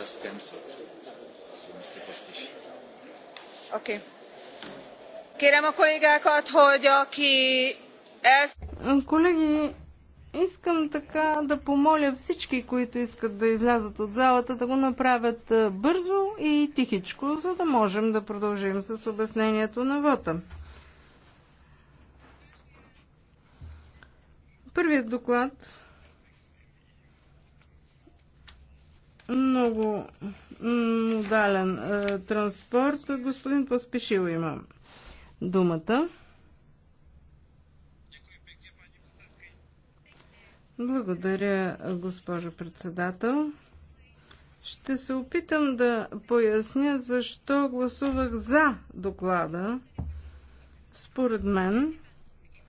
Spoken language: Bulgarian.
just cancelled. So, Mr. Pospíš. Okay. Kérem a kollégákat, hogy aki ezt... Колеги, искам така да помоля всички, които искат да излязат от залата, да го направят е, бързо и тихичко, за да можем да продължим с обяснението на вота. Първият доклад много модален е, транспорт. Господин Поспешил има думата. Благодаря, госпожо председател. Ще се опитам да поясня защо гласувах за доклада. Според мен,